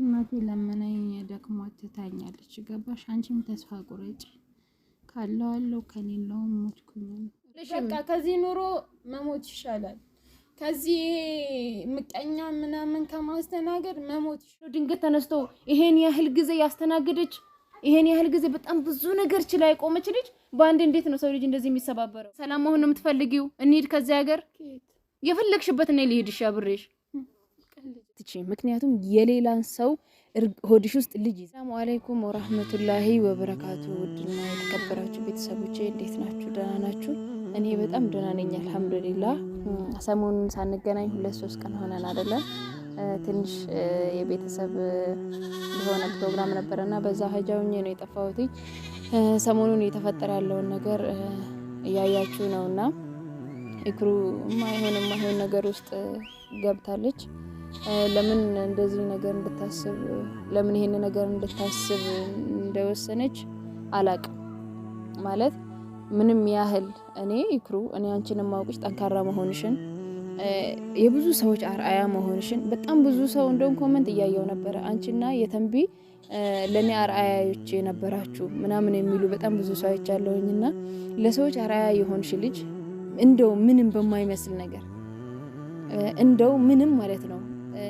እናቴ ለመናኝ ደክሟት ትታኛለች። ገባሽ? አንቺም ተስፋ ቁረጭ ካለው አለው ከሌለውም ሞትኩኝ። በቃ ከዚህ ኑሮ መሞት ይሻላል። ከዚህ ምቀኛ ምናምን ከማስተናገድ መሞት። ድንገት ተነስቶ ይሄን ያህል ጊዜ ያስተናገደች ይሄን ያህል ጊዜ በጣም ብዙ ነገር ችላ የቆመች ልጅ በአንድ እንዴት ነው ሰው ልጅ እንደዚህ የሚሰባበረው? ሰላም አሁን ነው የምትፈልጊው? እንሂድ ከዚህ ሀገር የፈለግሽበት ነይ፣ ልሂድሽ አብሬሽ አትችም። ምክንያቱም የሌላን ሰው ሆድሽ ውስጥ ልጅ ሰላሙ አለይኩም ወራህመቱላሂ ወበረካቱ። ውድና የተከበራችሁ ቤተሰቦቼ እንዴት ናችሁ? ደህና ናችሁ? እኔ በጣም ደህና ነኝ አልሐምዱሊላ። ሰሞኑን ሳንገናኝ ሁለት ሶስት ቀን ሆነን አይደለም ትንሽ የቤተሰብ የሆነ ፕሮግራም ነበረና በዛ ሀጃውኝ ነው የጠፋሁት። ሰሞኑን እየተፈጠረ ያለውን ነገር እያያችሁ ነውና ኢክሩ ማይሆን ማይሆን ነገር ውስጥ ገብታለች። ለምን እንደዚህ ነገር እንድታስብ ለምን ይሄን ነገር እንድታስብ እንደወሰነች አላቅም። ማለት ምንም ያህል እኔ ይክሩ እኔ አንቺን ማውቅሽ ጠንካራ መሆንሽን የብዙ ሰዎች አርአያ መሆንሽን በጣም ብዙ ሰው እንደውም ኮመንት እያየው ነበረ አንቺና የተንቢ ለእኔ አርአያዎች የነበራችሁ ምናምን የሚሉ በጣም ብዙ ሰዎች ያለውኝ እና ለሰዎች አርአያ የሆንሽ ልጅ እንደው ምንም በማይመስል ነገር እንደው ምንም ማለት ነው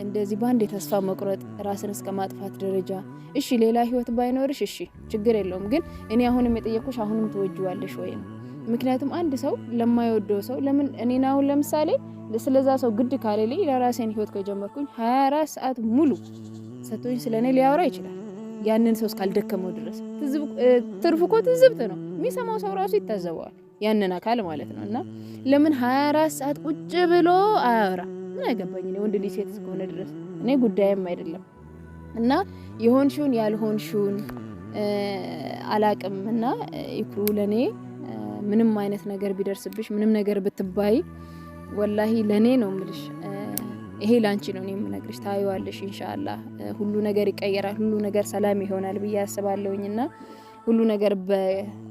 እንደዚህ በአንድ የተስፋ መቁረጥ ራስን እስከ ማጥፋት ደረጃ። እሺ ሌላ ህይወት ባይኖርሽ እሺ ችግር የለውም ግን እኔ አሁንም የጠየኩሽ አሁንም ትወጅዋለሽ ወይ ነው። ምክንያቱም አንድ ሰው ለማይወደው ሰው ለምን እኔን አሁን ለምሳሌ ስለዛ ሰው ግድ ካለልኝ ለራሴን ህይወት ከጀመርኩኝ 24 ሰዓት ሙሉ ሰቶኝ ስለ እኔ ሊያወራ ይችላል። ያንን ሰው እስካልደከመው ድረስ ትርፉ እኮ ትዝብት ነው። የሚሰማው ሰው ራሱ ይታዘበዋል፣ ያንን አካል ማለት ነው። እና ለምን 24 ሰዓት ቁጭ ብሎ አያወራ? ምን አገባኝ እኔ ወንድ ልጅ ሴት እስከሆነ ድረስ እኔ ጉዳይም አይደለም። እና የሆንሽውን ያልሆንሽውን አላቅም። እና ኢክሩ ለእኔ ምንም አይነት ነገር ቢደርስብሽ ምንም ነገር ብትባይ ወላሂ ለእኔ ነው ምልሽ ይሄ ላንቺ ነው እኔ የምነግርሽ። ታዩዋለሽ ኢንሻአላ ሁሉ ነገር ይቀየራል፣ ሁሉ ነገር ሰላም ይሆናል ብዬ አስባለሁኝና ሁሉ ነገር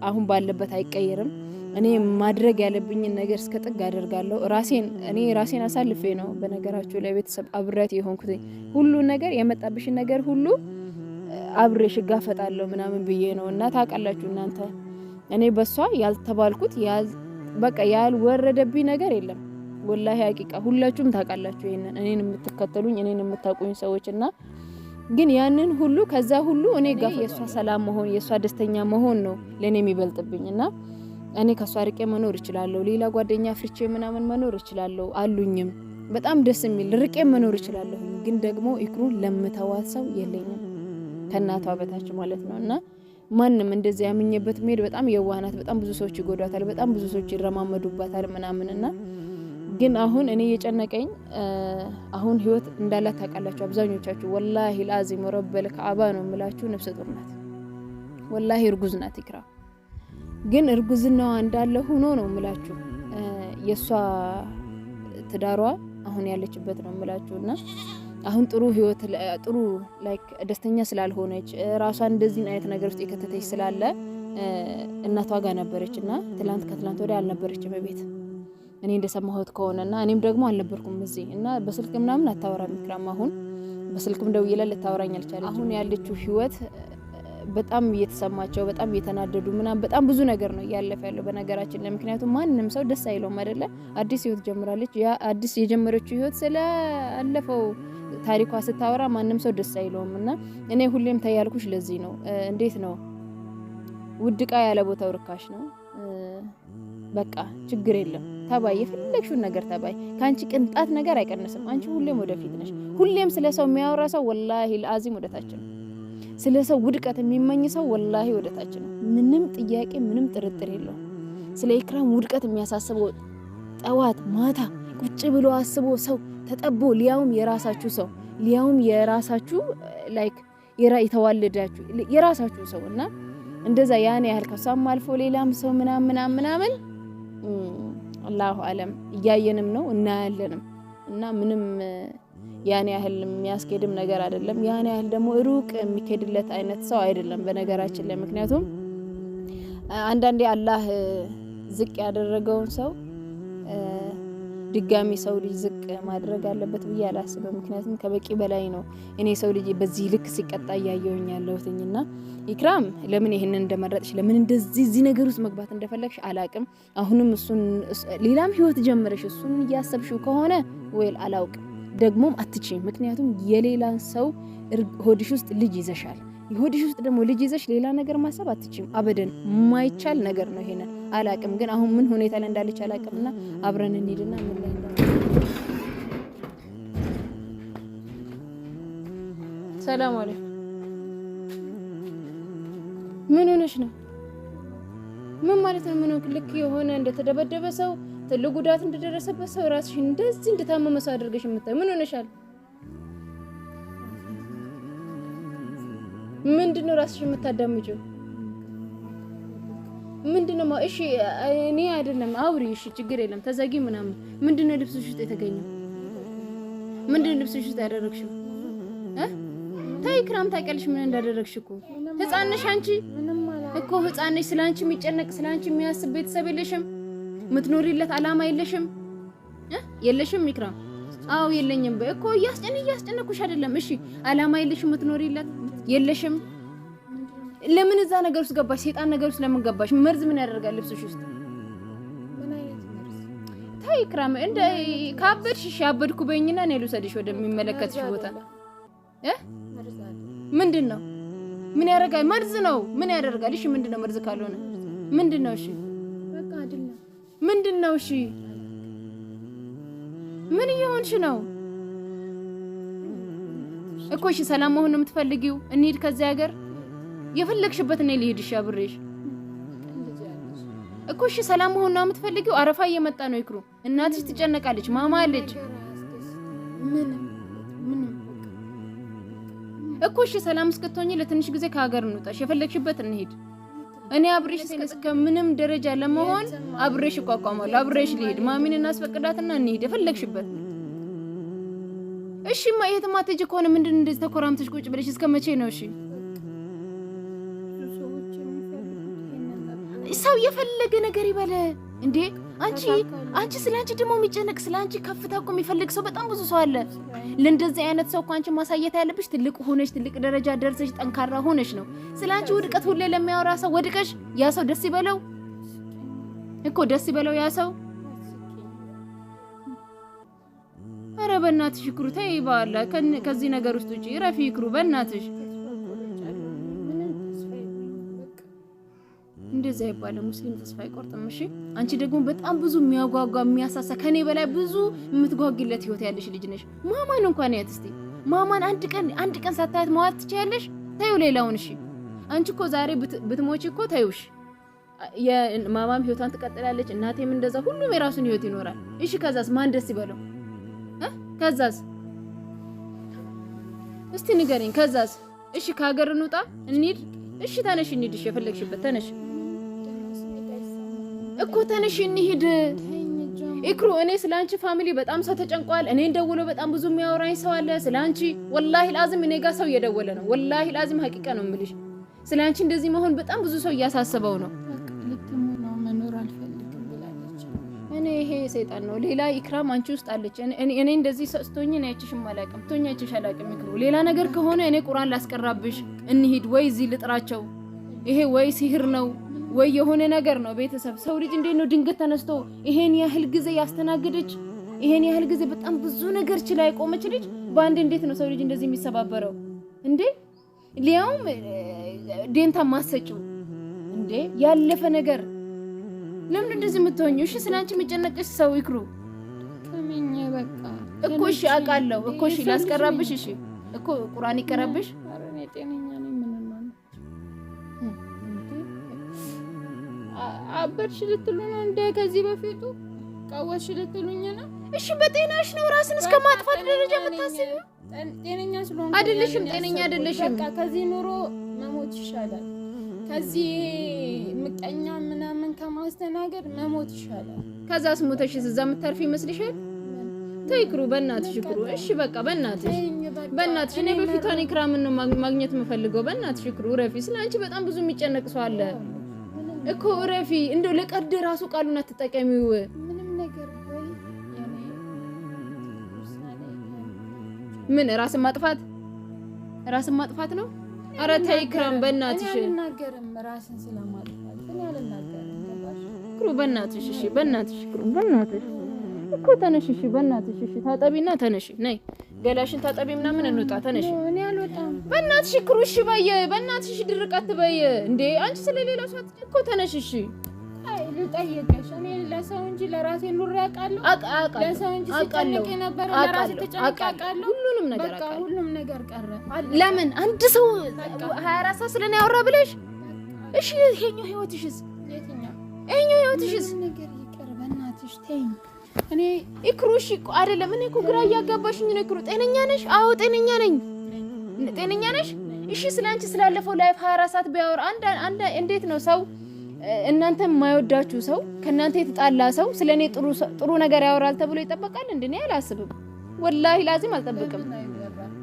አሁን ባለበት አይቀየርም። እኔ ማድረግ ያለብኝን ነገር እስከ ጥግ አደርጋለሁ። ራሴን እኔ ራሴን አሳልፌ ነው በነገራችሁ ለቤተሰብ አብረት የሆንኩት ሁሉ ነገር የመጣብሽን ነገር ሁሉ ሽጋ ፈጣለሁ ምናምን ብዬ ነው። እና ታውቃላችሁ እናንተ እኔ በሷ ያልተባልኩት በቃ ያልወረደብኝ ነገር የለም። ወላሂ ሀቂቃ ሁላችሁም ታውቃላችሁ ይሄንን እኔን የምትከተሉኝ እኔን የምታውቁኝ ሰዎች እና ግን ያንን ሁሉ ከዛ ሁሉ እኔ ጋር የእሷ ሰላም መሆን የእሷ ደስተኛ መሆን ነው ለእኔ የሚበልጥብኝ እና እኔ ከሷ ርቄ መኖር እችላለሁ። ሌላ ጓደኛ ፍርቼ ምናምን መኖር እችላለሁ። አሉኝም በጣም ደስ የሚል ርቄ መኖር እችላለሁ። ግን ደግሞ ኢክሩን ለምተዋት ሰው የለኝም ከእናቷ በታች ማለት ነው። እና ማንም እንደዚያ ያምኘበት መሄድ በጣም የዋህናት። በጣም ብዙ ሰዎች ይጎዷታል፣ በጣም ብዙ ሰዎች ይረማመዱባታል ምናምንና ግን አሁን እኔ የጨነቀኝ አሁን ህይወት እንዳላት ታውቃላችሁ አብዛኞቻችሁ። ወላሂ ለአዚም ረበል ከአባ ነው የምላችሁ። ነፍሰ ጡር ናት፣ ወላሂ እርጉዝ ናት ግን እርጉዝናዋ እንዳለ ሆኖ ነው ምላችሁ የእሷ ትዳሯ አሁን ያለችበት ነው ምላችሁ እና አሁን ጥሩ ህይወት ጥሩ ላይክ ደስተኛ ስላልሆነች ራሷን እንደዚህ አይነት ነገር ውስጥ የከተተች ስላለ እናቷ ጋር ነበረች እና ትላንት ከትላንት ወዲያ አልነበረችም ቤት እኔ እንደሰማሁት ከሆነ እና እኔም ደግሞ አልነበርኩም እዚህ እና በስልክ ምናምን አታወራ ሚክራም አሁን በስልክም ደውዬላት ልታወራኝ አልቻለች አሁን ያለችው ህይወት በጣም እየተሰማቸው በጣም እየተናደዱ ምናምን በጣም ብዙ ነገር ነው እያለፈ ያለው በነገራችን ላይ። ምክንያቱም ማንም ሰው ደስ አይለውም አይደለ? አዲስ ህይወት ጀምራለች። ያ አዲስ የጀመረችው ህይወት ስላለፈው ታሪኳ ስታወራ ማንም ሰው ደስ አይለውም። እና እኔ ሁሌም ተያልኩሽ ለዚህ ነው። እንዴት ነው ውድቃ ያለ ቦታው ርካሽ ነው። በቃ ችግር የለም ተባይ የፈለግሽውን ነገር ተባይ። ከአንቺ ቅንጣት ነገር አይቀንስም። አንቺ ሁሌም ወደፊት ነሽ። ሁሌም ስለ ሰው የሚያወራ ሰው ወላሂ ለአዚም ወደታችን ነው። ስለ ሰው ውድቀት የሚመኝ ሰው ወላሂ ወደታች ነው። ምንም ጥያቄ ምንም ጥርጥር የለውም። ስለ ኢክራም ውድቀት የሚያሳስበው ጠዋት ማታ ቁጭ ብሎ አስቦ ሰው ተጠቦ ሊያውም የራሳችሁ ሰው ሊያውም የራሳችሁ ላይክ የተዋለዳችሁ የራሳችሁ ሰው እና እንደዛ ያን ያህል ከሷም አልፎ ሌላም ሰው ምናም ምናምን ምናምን አላሁ አለም እያየንም ነው እናያለንም እና ምንም ያን ያህል የሚያስኬድም ነገር አይደለም። ያን ያህል ደግሞ ሩቅ የሚኬድለት አይነት ሰው አይደለም በነገራችን ላይ ምክንያቱም አንዳንዴ አላህ ዝቅ ያደረገውን ሰው ድጋሚ ሰው ልጅ ዝቅ ማድረግ አለበት ብዬ አላስብም። ምክንያቱም ከበቂ በላይ ነው። እኔ ሰው ልጅ በዚህ ልክ ሲቀጣ እያየውኝ ያለሁትኝ እና ኢክራም ለምን ይህንን እንደመረጥሽ፣ ለምን እንደዚህ እዚህ ነገር ውስጥ መግባት እንደፈለግሽ አላቅም። አሁንም እሱን ሌላም ህይወት ጀምረሽ እሱን እያሰብሽው ከሆነ ወይል አላውቅም ደግሞም አትችም ምክንያቱም የሌላ ሰው ሆድሽ ውስጥ ልጅ ይዘሻል። የሆድሽ ውስጥ ደግሞ ልጅ ይዘሽ ሌላ ነገር ማሰብ አትችም አበደን ማይቻል ነገር ነው። ይሄንን አላቅም፣ ግን አሁን ምን ሁኔታ ላይ እንዳለች አላቅምና አብረን እንሂድና ምን ላይ ሰላም አለ። ምን ሆነሽ ነው? ምን ማለት ነው? ምን ልክ የሆነ እንደተደበደበ ሰው ጉዳት እንደደረሰበት ሰው ራስሽ እንደዚህ እንደታመመ ሰው አድርገሽ የምታዩ ምን ሆነሻል? ምንድን ነው ራስሽ የምታዳምጪው? ምንድን ነው እሺ፣ እኔ አይደለም አውሪ። እሺ፣ ችግር የለም ተዘጊ ምናምን። ምንድን ነው ልብስሽ ውስጥ የተገኘው? ምንድን ነው ልብስሽ ውስጥ ያደረግሽው? ታይ ክራም ታውቂያለሽ ምን እንዳደረግሽ እኮ ህፃነሽ አንቺ እኮ ህፃን ነሽ። ስለ አንቺ የሚጨነቅ ስለ አንቺ የሚያስብ ቤተሰብ የለሽም። ምትኖሪለት አላማ የለሽም የለሽም ይክራ አው የለኝም እኮ እያስጨን እያስጨነኩሽ አይደለም እሺ አላማ የለሽም ምትኖሪለት የለሽም ለምን እዛ ነገር ውስጥ ገባሽ ሴጣን ነገር ውስጥ ለምን ገባሽ መርዝ ምን ያደርጋል ልብስሽ ውስጥ ታይ ክራም እንደ ካበድሽ እሺ አበድኩ በይኝና እኔ ልውሰድሽ ወደሚመለከትሽ ቦታ እ ምንድን ነው ምን ያደርጋል መርዝ ነው ምን ያደርጋል እሺ ምንድን ነው መርዝ ካልሆነ ምንድን ነው እሺ ምንድን ነው? እሺ ምን እየሆንሽ ነው እኮ? እሺ ሰላም መሆን የምትፈልጊው? እንሂድ ከዚህ ሀገር የፈለግሽበት ነው። ልሂድሽ አብሬሽ እኮ እሺ ሰላም መሆን ነው የምትፈልጊው? አረፋ እየመጣ ነው ይክሩ። እናትሽ ትጨነቃለች፣ ማማ አለች እኮ እሺ ሰላም እስክትሆኝ ለትንሽ ጊዜ ከሀገር እንውጣሽ፣ የፈለግሽበት እንሂድ እኔ አብሬሽ እስከ ምንም ደረጃ ለመሆን አብሬሽ እቋቋማለሁ። አብሬሽ ልሄድ ማሚን እናስፈቅዳትና እንሂድ የፈለግሽበት። እሺ ማ የትም አትሄጂ ከሆነ ምንድን እንደዚህ ተኮራምተሽ ቁጭ ብለሽ እስከ መቼ ነው? እሺ ሰው የፈለገ ነገር ይበለ እንዴ አንቺ አንቺ ስለ አንቺ ደግሞ የሚጨነቅ ስለ አንቺ ከፍታ እኮ የሚፈልግ ሰው በጣም ብዙ ሰው አለ። ለእንደዚህ አይነት ሰው እኮ አንቺ ማሳየት ያለብሽ ትልቅ ሆነሽ ትልቅ ደረጃ ደርሰሽ ጠንካራ ሆነሽ ነው። ስለ አንቺ ውድቀት ሁሌ ለሚያወራ ሰው ወድቀሽ ያ ሰው ደስ ይበለው እኮ ደስ ይበለው ያ ሰው። ኧረ በእናትሽ ይክሩ ተይ፣ ከዚህ ነገር ውስጥ ውጪ ረፊ ይክሩ በእናትሽ እንደዚህ አይባልም። ሙስሊም ተስፋ አይቆርጥም። እሺ አንቺ ደግሞ በጣም ብዙ የሚያጓጓ የሚያሳሳ ከኔ በላይ ብዙ የምትጓጊለት ህይወት ያለሽ ልጅ ነሽ። ማማን እንኳን ያት እስቲ ማማን አንድ ቀን አንድ ቀን ሳታያት መዋል ትችያለሽ? ታዩ ሌላውን። እሺ አንቺ እኮ ዛሬ ብትሞች እኮ ታዩሽ የማማም ህይወቷን ትቀጥላለች። እናቴም እንደዛ፣ ሁሉም የራሱን ህይወት ይኖራል። እሺ ከዛስ ማን ደስ ይበለው? ከዛስ እስቲ ንገሪኝ። ከዛስ እሺ ከሀገር እንውጣ እንሂድ። እሺ ተነሽ እንሂድ። እሺ የፈለግሽበት ተነሽ። እኮ ተነሽ እንሂድ። ኢክሩ እኔ ስለ አንቺ ፋሚሊ በጣም ሰው ተጨንቋል። እኔን ደውሎ በጣም ብዙ የሚያወራኝ ሰው አለ ስለ አንቺ። ወላሂ ላዝም እኔ ጋር ሰው እየደወለ ነው። ወላሂ ላዝም ሀቂቃ ነው የምልሽ። ስለ አንቺ እንደዚህ መሆን በጣም ብዙ ሰው እያሳሰበው ነው። እኔ ይሄ ሰይጣን ነው። ሌላ ኢክራም አንቺ ውስጥ አለች። እኔ እንደዚህ ስቶኝ ነው አይችሽም አላውቅም፣ ቶኝ አይችሽ አላውቅም። ይክሩ ሌላ ነገር ከሆነ እኔ ቁርአን ላስቀራብሽ፣ እንሂድ ወይ እዚህ ልጥራቸው። ይሄ ወይ ሲህር ነው ወይ የሆነ ነገር ነው። ቤተሰብ ሰው ልጅ እንዴት ነው ድንገት ተነስቶ ይሄን ያህል ጊዜ ያስተናገደች ይሄን ያህል ጊዜ በጣም ብዙ ነገር ችላ የቆመች ልጅ በአንድ እንዴት ነው ሰው ልጅ እንደዚህ የሚሰባበረው እንዴ? ሊያውም ዴንታ ማሰጭው እንዴ ያለፈ ነገር ለምን እንደዚህ የምትሆኙ? እሺ ስለአንቺ የሚጨነቅሽ ሰው ይክሩ ተመኘ። በቃ እኮ እሺ አውቃለሁ እኮ እሺ ላስቀራብሽ፣ እሺ እኮ ቁርአን ይቀራብሽ። ጤነኛ ነው አበድሽ ልትሉ እንደ ከዚህ በፊቱ ቀወስሽ ልትሉኝ ነው? እሺ በጤናሽ ነው ራስን እስከ ማጥፋት ደረጃ የምታስቢው? ጤነኛ ስለሆንኩ አይደለሽም፣ ጤነኛ አይደለሽም። በቃ ከዚህ ኑሮ መሞት ይሻላል፣ ከዚህ ምቀኛ ምናምን ከማስተናገድ መሞት ይሻላል። ከዛስ ሞተሽ እዛ የምታርፊ ይመስልሻል? ተይ ክሩ፣ በእናትሽ ክሩ። እሺ በቃ በእናትሽ በእናትሽ፣ እኔ በፊቷን ኢክራምን ነው ማግኘት የምፈልገው። በእናትሽ ክሩ ረፊ፣ ስለ አንቺ በጣም ብዙ የሚጨነቅ ሰው አለ። እኮ እረፊ። እንደው ለቀድ ራሱ ቃሉን አትጠቀሚው። ምን ራስን ማጥፋት ራስን ማጥፋት ነው? ኧረ ተይ ክረም፣ በእናትሽ ክሩ፣ በእናትሽ እሺ፣ በእናትሽ ክሩ፣ በእናትሽ እኮ ተነሽ፣ እሺ፣ በእናትሽ እሺ፣ ታጠቢና ተነሽ፣ ነይ ገላሽን ታጠቢ ምናምን እንውጣ፣ ተነሽ። እኔ አልወጣም። በእናትሽ ክሩ፣ እሺ በይ፣ በእናትሽ ድርቀት በይ። እንዴ አንቺ ስለሌላ ሰው እኮ ተነሽ፣ እሺ ልጠይቅሽ እኔ ለሰው እንጂ ለራሴ አውቃለሁ። ለሰው እንጂ የነበረ ለራሴ አውቃለሁ። ሁሉንም ነገር በቃ ሁሉም ነገር ቀረ። ለምን አንድ ሰው ሀያ አራት ስለኔ ያወራ ብለሽ? እሺ ይሄኛው ህይወትሽስ? ይሄኛው ህይወትሽስ? ነገር ይቅር በእናትሽ ተይኝ። እኔ ኢክሩ እሺ አይደለም። እኔ እኮ ግራ እያጋባሽኝ ነው። ኢክሩ ጤነኛ ነሽ? አዎ ጤነኛ ነኝ። ጤነኛ ነሽ? እሺ ስለ ስላለፈው ላይፍ 24 ሰዓት ቢያወራ አንድ አንድ እንዴት ነው ሰው እናንተ የማይወዳችሁ ሰው ከእናንተ የተጣላ ሰው ስለ እኔ ጥሩ ነገር ያወራል ተብሎ ይጠበቃል? እንደ እኔ አላስብም። ወላሂ ላዚም አልጠብቅም።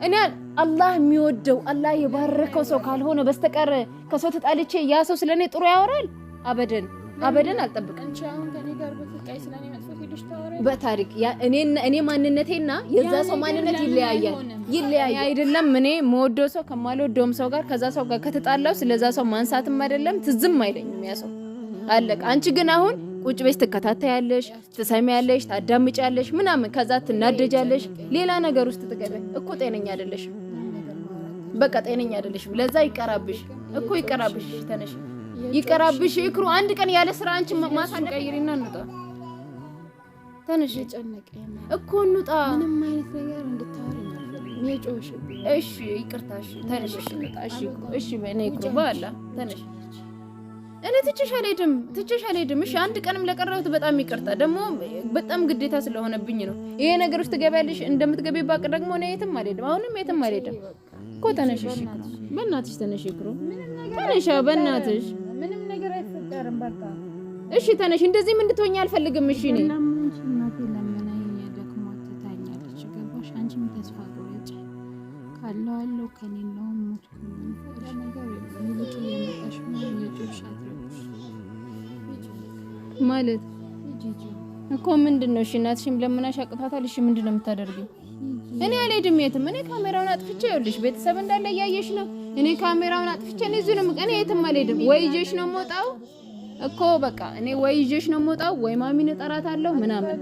እኔ አላህ የሚወደው አላህ የባረከው ሰው ካልሆነ በስተቀር ከሰው ተጣልቼ ያ ሰው ስለ እኔ ጥሩ ያወራል? አበደን አበደን አልጠብቅም። በታሪክ እኔ ማንነቴና የዛ ሰው ማንነት ይለያያል ይለያያል። አይደለም እኔ መወደው ሰው ከማልወደውም ሰው ጋር ከዛ ሰው ጋር ከተጣላው ስለዛ ሰው ማንሳትም አይደለም ትዝም አይለኝም ያ ሰው አለቀ። አንቺ ግን አሁን ቁጭ ቤት ትከታተያለሽ፣ ትሰሚያለሽ፣ ታዳምጫለሽ ምናምን ከዛ ትናደጃለሽ፣ ሌላ ነገር ውስጥ ትገቢያለሽ እኮ ጤነኛ አይደለሽም። በቃ ጤነኛ አይደለሽም። ለዛ ይቀራብሽ እኮ ይቀራብሽ፣ ተነሽ ይቀራብሽ። ይክሩ አንድ ቀን ያለ ስራ አንቺ ማሳለፍ ቀይሪና እንውጣ ትንሽ ጨነቀኝ እኮ እንውጣ። ምንም አይነት ነገር እንድታወሪ ጮሽ። እሺ ይቅርታ። እሺ ተነሽ፣ እሺ እንውጣ። እሺ እሺ፣ በእኔ ይቅሩ። በኋላ ተነሽ። እኔ ትቼሽ አልሄድም፣ ትቼሽ አልሄድም። እሺ አንድ ቀንም ለቀረሁት በጣም ይቅርታ። ደግሞ በጣም ግዴታ ስለሆነብኝ ነው። ይሄ ነገር ውስጥ ትገቢያለሽ። እንደምትገቢ ባቅ ደግሞ እኔ የትም አልሄድም፣ አሁንም የትም አልሄድም እኮ ተነሽ። እሺ በእናትሽ ተነሽ፣ ይቅሩ። ተነሽ፣ በእናትሽ። ምንም ነገር አይፈጠርም። በቃ እሺ ተነሽ። እንደዚህም እንድትሆኝ አልፈልግም። እሺ እኔ አለው ከሌለው ሞት ማለት እኮ ምንድን ነው? እሺ እናትሽም ለምናሽ አቅፋታል። እሺ ምንድን ነው የምታደርጊው? እኔ አልሄድም የትም። እኔ ካሜራውን አጥፍቼ ይኸውልሽ፣ ቤተሰብ እንዳለ እያየሽ ነው። እኔ ካሜራውን አጥፍቼ እኔ እዚሁ ነው እኔ የትም አልሄድም። ወይ ይዤሽ ነው የምወጣው እኮ በቃ እኔ ወይ ይዤሽ ነው የምወጣው ወይ ማሚን እጠራታለሁ ምናምን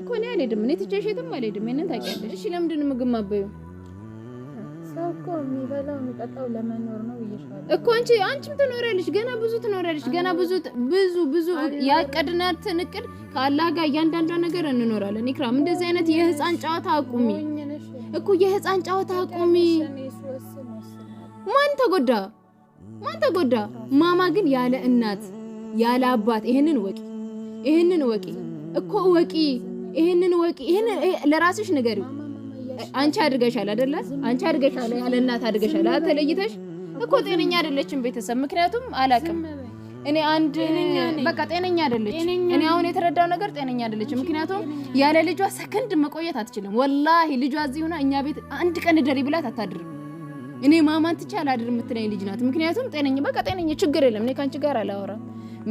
እኮ እኔ አልሄድም። እኔ ትቼሽ የትም አልሄድም። ይሄንን ታውቂያለሽ። እሺ ለምንድን ነው ምግብ ማበዩ እኮ የሚበላው የሚጠጣው ለመኖር ነው እኮ አንቺ አንቺም ትኖሪያለሽ፣ ገና ብዙ ትኖሪያለሽ፣ ገና ብዙ ብዙ ብዙ ያቀድናትን እቅድ ከአላህ ጋር እያንዳንዷ ነገር እንኖራለን። ኢክራም እንደዚህ አይነት የህፃን ጨዋታ አቁሚ እኮ የህፃን ጨዋታ አቁሚ። ማን ተጎዳ? ማን ተጎዳ? ማማ ግን ያለ እናት ያለ አባት ይሄንን ወቂ፣ ይሄንን ወቂ እኮ ወቂ፣ ይሄንን ወቂ፣ ይሄን ለራስሽ ንገሪው አንቺ አድርገሻል አይደለ? አንቺ አድርገሻል ያለ እናት አድርገሻል ተለይተሽ እኮ ጤነኛ አይደለችም ቤተሰብ። ምክንያቱም አላቅም እኔ አንድ በቃ ጤነኛ አይደለች። እኔ አሁን የተረዳው ነገር ጤነኛ አይደለች፣ ምክንያቱም ያለ ልጇ ሰከንድ መቆየት አትችልም። ወላሂ ልጇ እዚህ ሆና እኛ ቤት አንድ ቀን ደሪ ብላት አታድርም። እኔ ማማን ትቼ አላድር የምትለኝ ልጅ ናት። ምክንያቱም ጤነኛ በቃ ጤነኛ ችግር የለም። እኔ ከአንቺ ጋር አላወራም።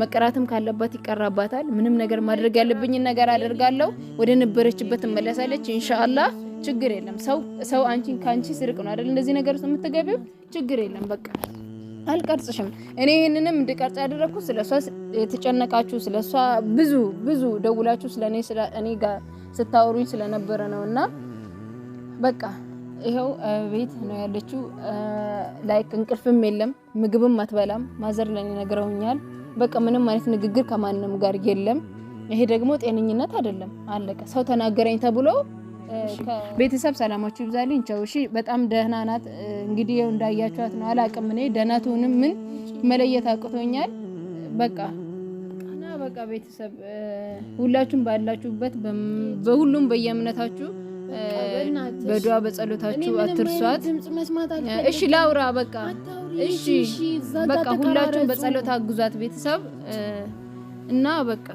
መቀራትም ካለባት ይቀራባታል። ምንም ነገር ማድረግ ያለብኝን ነገር አደርጋለሁ። ወደ ነበረችበት ትመለሳለች ኢንሻአላህ። ችግር የለም። ሰው ሰው አንቺን ከአንቺ ስርቅ ነው አይደል? እንደዚህ ነገር ውስጥ የምትገቢው ችግር የለም በቃ አልቀርጽሽም። እኔ ይህንንም እንድቀርጽ ያደረግኩት ስለ እሷ የተጨነቃችሁ ስለ እሷ ብዙ ብዙ ደውላችሁ ስለ እኔ ስለ እኔ ጋር ስታወሩኝ ስለነበረ ነው። እና በቃ ይኸው ቤት ነው ያለችው። ላይክ እንቅልፍም የለም ምግብም አትበላም። ማዘር ለእኔ ነግረውኛል። በቃ ምንም አይነት ንግግር ከማንም ጋር የለም። ይሄ ደግሞ ጤነኝነት አይደለም። አለቀ። ሰው ተናገረኝ ተብሎ ቤተሰብ ሰላማችሁ ይብዛልኝ። ቸው እሺ፣ በጣም ደህና ናት። እንግዲህ ው እንዳያችኋት ነው። አላቅም እኔ ደህና ምን መለየት አቅቶኛል። በቃ እና በቃ ቤተሰብ ሁላችሁም ባላችሁበት በሁሉም በየእምነታችሁ በዱዋ በጸሎታችሁ አትርሷት። እሺ ላውራ በቃ እሺ፣ በቃ ሁላችሁም በጸሎት አግዟት ቤተሰብ እና በቃ